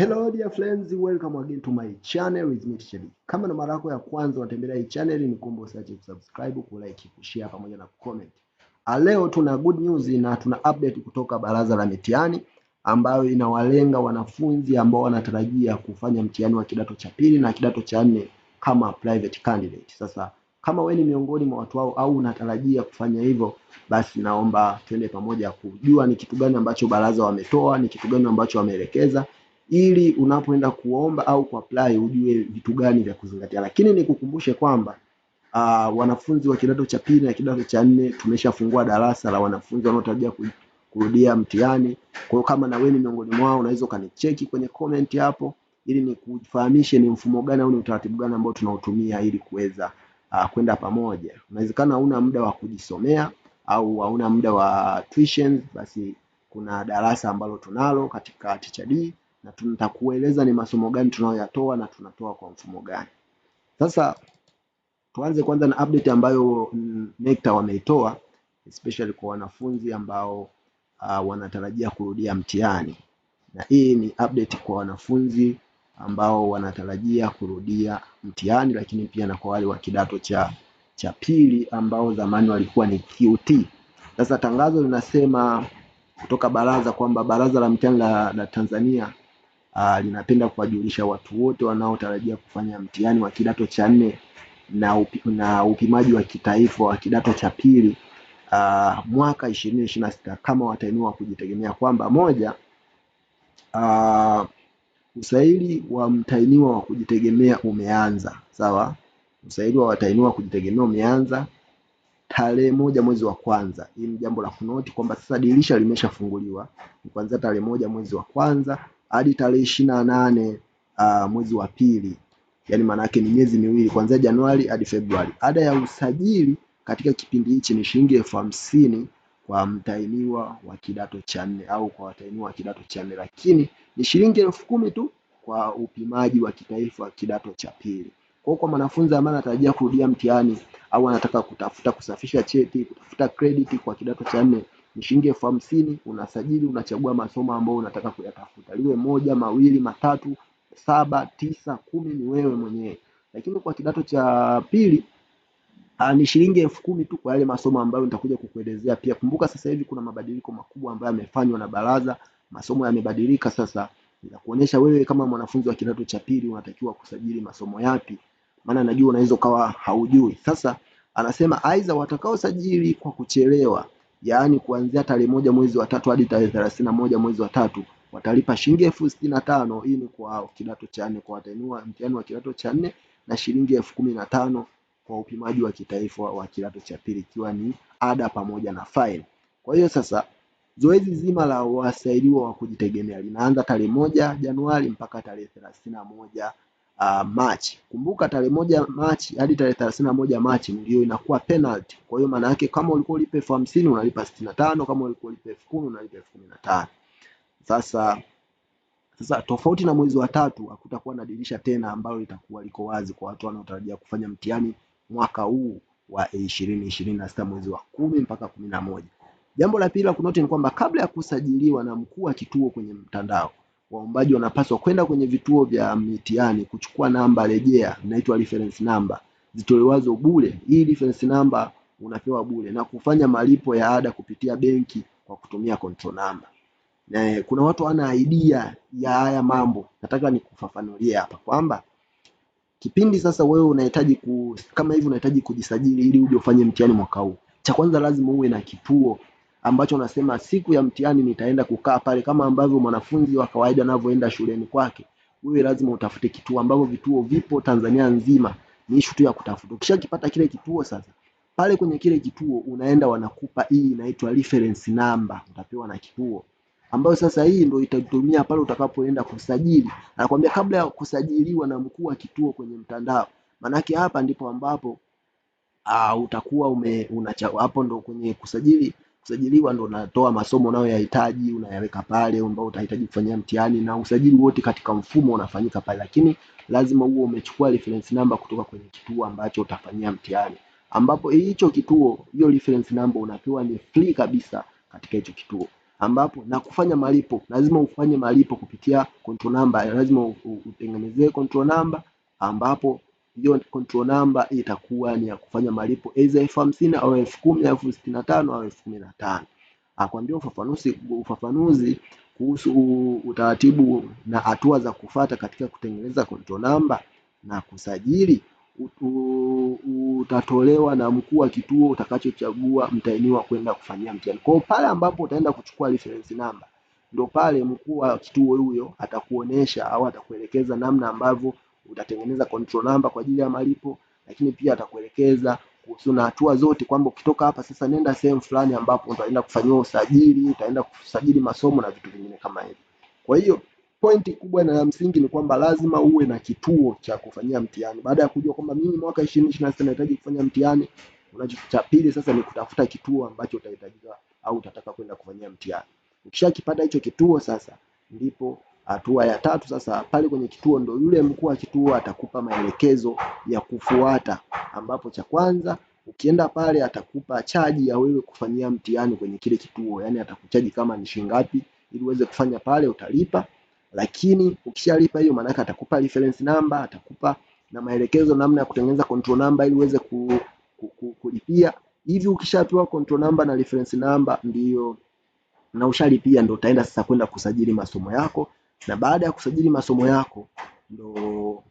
Hello dear friends, welcome again to my channel with me Teacher D. Kama na mara yako ya kwanza unatembelea hii channel, ni kuomba usiache kusubscribe, ku like, ku share pamoja na comment. Ah, leo tuna good news na tuna update kutoka Baraza la Mitihani ambayo inawalenga wanafunzi ambao wanatarajia kufanya mtihani wa kidato cha pili na kidato cha nne kama private candidate. Sasa kama wewe ni miongoni mwa watu hao au unatarajia kufanya hivyo, basi naomba twende pamoja kujua ni kitu gani ambacho baraza wametoa, ni kitu gani ambacho wameelekeza ili unapoenda kuomba au kuapply ujue vitu gani vya kuzingatia. Lakini nikukumbushe kwamba uh, wanafunzi wa kidato cha pili na kidato cha nne tumeshafungua darasa la wanafunzi wanaotarajia kurudia mtihani. Kwa hiyo kama na wewe ni miongoni mwao, unaweza ukanicheki kwenye comment hapo ili nikufahamishe ni mfumo gani au ni utaratibu gani ambao tunautumia ili kuweza uh, kwenda pamoja. Unawezekana huna muda wa kujisomea au hauna muda wa tuition, basi kuna darasa ambalo tunalo katika Teacher D na tutakueleza ni masomo gani tunayoyatoa na tunatoa kwa mfumo gani. Sasa tuanze kwanza na update ambayo NECTA wameitoa especially kwa wanafunzi ambao uh, wanatarajia kurudia mtihani, na hii ni update kwa wanafunzi ambao wanatarajia kurudia mtihani, lakini pia na kwa wale wa kidato cha cha pili ambao zamani walikuwa ni QT. Sasa tangazo linasema kutoka baraza kwamba Baraza la Mtihani la, la Tanzania linapenda ah, kuwajulisha watu wote wanaotarajia kufanya mtihani wa kidato cha nne na, upi, na upimaji wa kitaifa wa kidato cha pili uh, mwaka ishirini ishirini na sita kama watainua kujitegemea kwamba moja, uh, usaili wa mtainiwa wa kujitegemea umeanza. Sawa, usaili wa watainiwa wa kujitegemea umeanza tarehe moja mwezi wa kwanza. Hili ni jambo la kunoti kwamba sasa dirisha limeshafunguliwa kuanzia tarehe moja mwezi wa kwanza hadi tarehe ishirini na nane uh, mwezi wa pili, yani maana yake ni miezi miwili kuanzia Januari hadi Februari. Ada ya usajili katika kipindi hichi ni shilingi elfu hamsini kwa mtahiniwa wa kidato cha nne au kwa watahiniwa wa kidato cha nne, lakini ni shilingi elfu kumi tu kwa upimaji wa kitaifa wa kidato cha pili. Kwa kwa mwanafunzi ambaye anatarajia kurudia mtihani au anataka kutafuta kusafisha cheti, kutafuta credit kwa kidato cha nne, ni shilingi elfu hamsini unasajili, unachagua masomo ambayo unataka kuyatafuta, liwe moja, mawili, matatu, saba, tisa, kumi, ni wewe mwenyewe. Lakini kwa kidato cha pili Uh, ni shilingi elfu kumi tu kwa yale masomo ambayo nitakuja kukuelezea pia. Kumbuka sasa hivi kuna mabadiliko makubwa ambayo yamefanywa na baraza, masomo yamebadilika sasa. Nitakuonyesha wewe kama mwanafunzi wa kidato cha pili unatakiwa kusajili masomo yapi, maana najua unaweza ukawa haujui. Sasa anasema aidha watakaosajili kwa kuchelewa yaani kuanzia tarehe moja mwezi wa tatu hadi tarehe thelathini na moja mwezi wa tatu watalipa shilingi elfu sitini na tano. Hii ni kwa kidato cha nne kwa watahiniwa mtihani wa kidato cha nne na shilingi elfu kumi na tano kwa upimaji wa kitaifa wa kidato cha pili ikiwa ni ada pamoja na faini. Kwa hiyo sasa zoezi zima la wasaidiwa wa kujitegemea linaanza tarehe moja Januari mpaka tarehe thelathini na moja uh, Machi. Kumbuka tarehe moja Machi hadi tarehe thelathini na moja Machi ndio inakuwa penalty. Kwa hiyo maana yake kama ulikuwa ulipe elfu hamsini unalipa sitini na tano kama ulikuwa ulipe elfu kumi unalipa elfu kumi na tano Sasa sasa tofauti na mwezi wa tatu hakutakuwa na dirisha tena ambalo litakuwa liko wazi kwa watu wanaotarajia kufanya mtihani mwaka huu wa 2026 mwezi wa kumi mpaka kumi na moja. Jambo la pili la kunoti ni kwamba kabla ya kusajiliwa na mkuu wa kituo kwenye mtandao waombaji wanapaswa kwenda kwenye vituo vya mitihani kuchukua namba rejea, inaitwa reference number, zitolewazo bure. Hii reference number unapewa bure na kufanya malipo ya ada kupitia benki kwa kutumia control number. Na eh, kuna watu wana idea ya haya mambo, nataka nikufafanulie hapa kwamba kipindi sasa wewe unahitaji ku, kama hivi unahitaji kujisajili ili uje ufanye mtihani mwaka huu, cha kwanza lazima uwe na kituo ambacho unasema siku ya mtihani nitaenda kukaa pale, kama ambavyo mwanafunzi wa kawaida anavyoenda shuleni kwake. Wewe lazima utafute kituo, ambavyo vituo vipo Tanzania nzima, ni issue tu ya kutafuta. Ukishakipata kile kituo sasa, pale kwenye kile kituo unaenda, wanakupa hii inaitwa reference number, utapewa na kituo ambayo sasa hii ndio itatumia pale utakapoenda kusajili. Anakuambia kabla ya kusajiliwa na mkuu wa kituo kwenye mtandao, maanake hapa ndipo ambapo uh, utakuwa ume unacha hapo ndo kwenye kusajili kusajiliwa ndo unatoa masomo unayoyahitaji unayaweka pale ambao utahitaji kufanyia mtihani na usajili wote katika mfumo unafanyika pale, lakini lazima uwe umechukua reference number kutoka kwenye kituo ambacho utafanyia mtihani, ambapo hicho kituo, hiyo reference number unapewa ni free kabisa katika hicho kituo, ambapo na kufanya malipo lazima ufanye malipo kupitia control number, lazima utengenezee control number ambapo hiyo control number itakuwa ni ya kufanya malipo aidha elfu hamsini au elfu kumi elfu sitini na tano au elfu kumi na tano Akwambia ah, ufafanuzi ufafanuzi kuhusu utaratibu na hatua za kufata katika kutengeneza control number na kusajili utatolewa na mkuu wa kituo utakachochagua mtainiwa kwenda kufanyia mtihani. Kwa pale ambapo utaenda kuchukua reference number, ndio pale mkuu wa kituo huyo atakuonesha au atakuelekeza namna ambavyo utatengeneza control number kwa ajili ya malipo, lakini pia atakuelekeza kuhusu na hatua zote kwamba ukitoka hapa sasa nenda sehemu fulani ambapo utaenda kufanyiwa usajili, utaenda kusajili masomo na vitu vingine kama hivyo. Kwa hiyo pointi kubwa na ya msingi ni kwamba lazima uwe na kituo cha kufanyia mtihani. Baada ya kujua kwamba mimi mwaka 2026 nahitaji kufanya mtihani, unachocha pili sasa ni kutafuta kituo ambacho utahitajika au utataka kwenda kufanyia mtihani. Ukishakipata hicho kituo sasa ndipo Hatua ya tatu sasa, pale kwenye kituo ndo yule mkuu wa kituo atakupa maelekezo ya kufuata, ambapo cha kwanza ukienda pale atakupa chaji ya wewe kufanyia mtihani kwenye kile kituo, yani atakuchaji kama ni shilingi ngapi ili uweze kufanya pale, utalipa. Lakini ukishalipa hiyo, maanake atakupa reference number, atakupa na maelekezo namna ya kutengeneza control number ili uweze ku, ku, ku, kulipia. Hivi ukishapewa control number na reference number, ndiyo na ushalipia, ndio utaenda sasa kwenda kusajili masomo yako na baada ya kusajili masomo yako ndo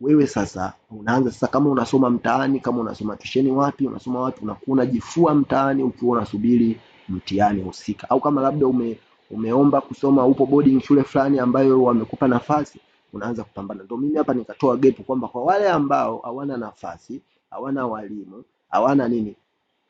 wewe sasa unaanza sasa, kama unasoma mtaani, kama unasoma tusheni wapi, unasoma wapi, unakuwa unajifua mtaani ukiwa unasubiri mtihani husika, au kama labda ume, umeomba kusoma, upo boarding shule fulani ambayo wamekupa nafasi, unaanza kupambana. Ndio mimi hapa nikatoa gepu kwamba kwa wale ambao hawana nafasi, hawana walimu, hawana nini,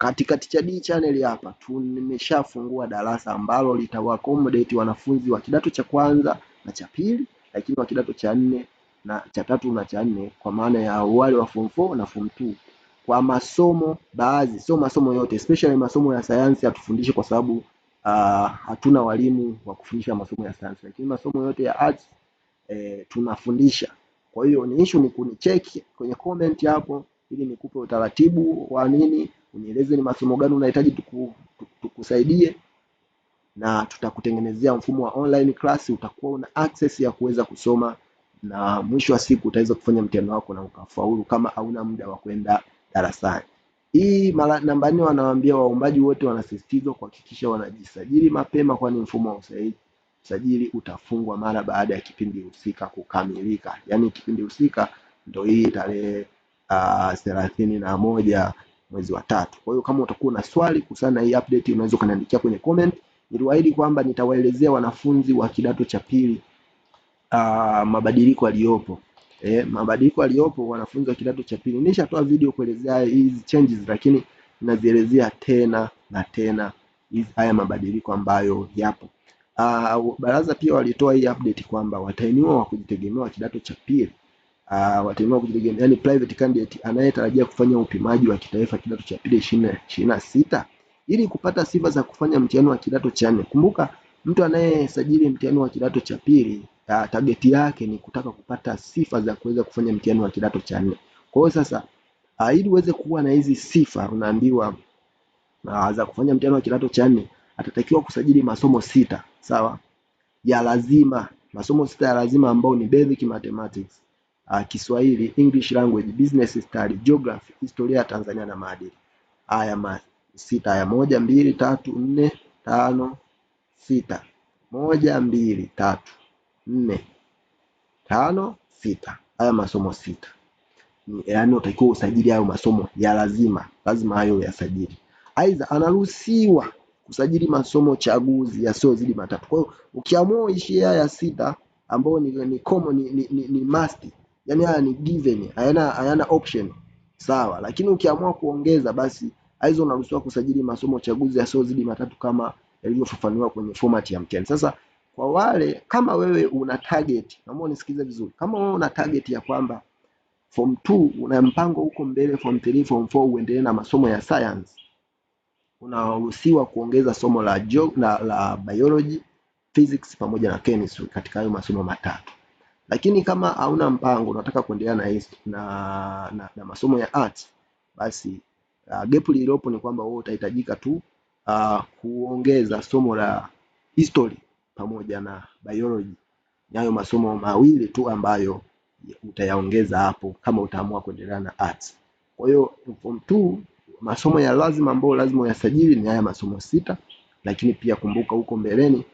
katika Teacher D channel hapa tumeshafungua darasa ambalo litawaaccommodate wanafunzi wa kidato cha kwanza na cha pili, lakini wa kidato cha nne na cha tatu na cha nne, kwa maana ya wale wa form 4 na form 2 kwa masomo baadhi, sio masomo yote, especially masomo ya sayansi hatufundishi kwa sababu uh, hatuna walimu wa kufundisha masomo ya sayansi, lakini masomo yote ya arts eh, tunafundisha. Kwa hiyo ni issue ni kunicheki kwenye comment hapo, ili nikupe utaratibu wa nini unieleze ni masomo gani unahitaji tukusaidie na tutakutengenezea mfumo wa online class. Utakuwa una access ya kuweza kusoma na mwisho wa siku utaweza kufanya mtihani wako na ukafaulu, kama hauna muda wa kwenda darasani. Hii mara namba nne, wanawaambia waombaji wote wanasisitizwa kuhakikisha wanajisajili mapema, kwani mfumo wa usajili utafungwa mara baada ya kipindi husika kukamilika. Yaani kipindi husika ndio hii tarehe ah, thelathini na moja mwezi wa tatu. Kwa hiyo kama utakuwa na swali kuhusiana na hii update, unaweza ukaniandikia kwenye comment. Niliwaahidi kwamba nitawaelezea wanafunzi wa kidato cha pili uh, mabadiliko yaliyopo eh, mabadiliko yaliyopo wanafunzi wa kidato cha pili. Nishatoa video kuelezea hizi changes, lakini nazielezea tena na tena hizi haya mabadiliko ambayo yapo. Uh, baraza pia walitoa hii update kwamba watahiniwa wa kujitegemea wa kidato cha pili uh, ah, watalima kujitegemea yani private candidate anayetarajia kufanya upimaji wa kitaifa kidato cha pili ishirini na sita ili kupata sifa za kufanya mtihani wa kidato cha nne. Kumbuka mtu anayesajili mtihani wa kidato cha pili uh, target yake ni kutaka kupata sifa za kuweza kufanya mtihani wa kidato cha nne. Kwa hiyo sasa uh, ili uweze kuwa na hizi sifa unaambiwa uh, za kufanya mtihani wa kidato cha nne atatakiwa kusajili masomo sita, sawa, ya lazima, masomo sita ya lazima ambao ni basic mathematics uh, Kiswahili, English language, business study, geography, historia ya Tanzania na maadili. Haya ma sita haya, moja mbili tatu nne tano sita, moja mbili tatu nne tano sita. Haya masomo sita, yaani utakiwa usajili hayo masomo ya lazima, lazima hayo yasajili. Aidha, anaruhusiwa kusajili masomo chaguzi yasiyozidi matatu. Kwa hiyo ukiamua uishie haya sita ambayo ni ni, ni, ni, ni, ni must yani haya ni given, hayana hayana option sawa, lakini ukiamua kuongeza basi hizo unaruhusiwa kusajili masomo chaguzi yasiyozidi matatu kama yalivyofafanuliwa kwenye format ya mtihani. Sasa kwa wale kama wewe una target, naomba unisikize vizuri, kama wewe una target ya kwamba form 2 una mpango huko mbele, form 3, form 4 uendelee na masomo ya science, unaruhusiwa kuongeza somo la, la, la biology, physics pamoja na chemistry katika hayo masomo matatu. Lakini kama hauna mpango, unataka kuendelea na, na, na, na masomo ya art, basi uh, gap lililopo ni kwamba wewe utahitajika tu uh, kuongeza somo la history pamoja na biology. Ni hayo masomo mawili tu ambayo utayaongeza hapo kama utaamua kuendelea na arts. Kwa hiyo form 2 masomo ya lazima ambayo lazima uyasajili ni haya masomo sita, lakini pia kumbuka, huko mbeleni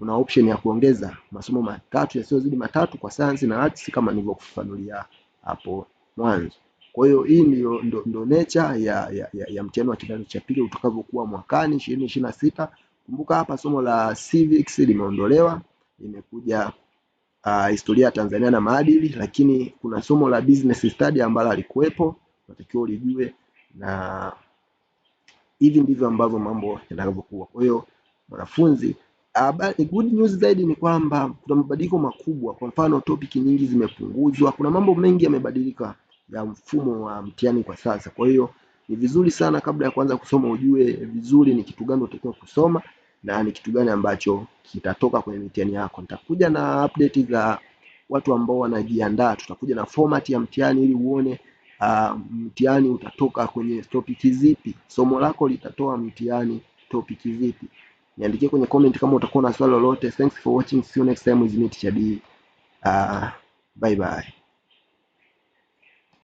una option ya kuongeza masomo matatu yasiyozidi matatu kwa sayansi na arts kama nilivyokufafanulia hapo mwanzo. Kwa hiyo hii ndio ndo, ndo nature ya, ya, ya, ya mtihani wa kidato cha pili utakavyokuwa mwakani 2026. Kumbuka hapa somo la civics limeondolewa, limekuja uh, historia ya Tanzania na maadili, lakini kuna somo la business study ambalo alikuwepo, natakiwa ulijue, na hivi ndivyo ambavyo mambo yanavyokuwa. Kwa hiyo mwanafunzi Habari good news zaidi ni kwamba kuna mabadiliko makubwa, kwa mfano topic nyingi zimepunguzwa, kuna mambo mengi yamebadilika ya mfumo wa mtihani kwa sasa. Kwa hiyo ni vizuri sana kabla ya kuanza kusoma ujue vizuri ni kitu gani unatakiwa kusoma na ni kitu gani ambacho kitatoka kwenye mitihani yako. Nitakuja na update za watu ambao wanajiandaa, tutakuja na format ya mtihani ili uone uh, mtihani utatoka kwenye topic zipi, somo lako litatoa mtihani topic zipi niandikie kwenye comment kama utakuwa na swali lolote. Thanks for watching, see you next time with me Teacher D. Uh, bye bye.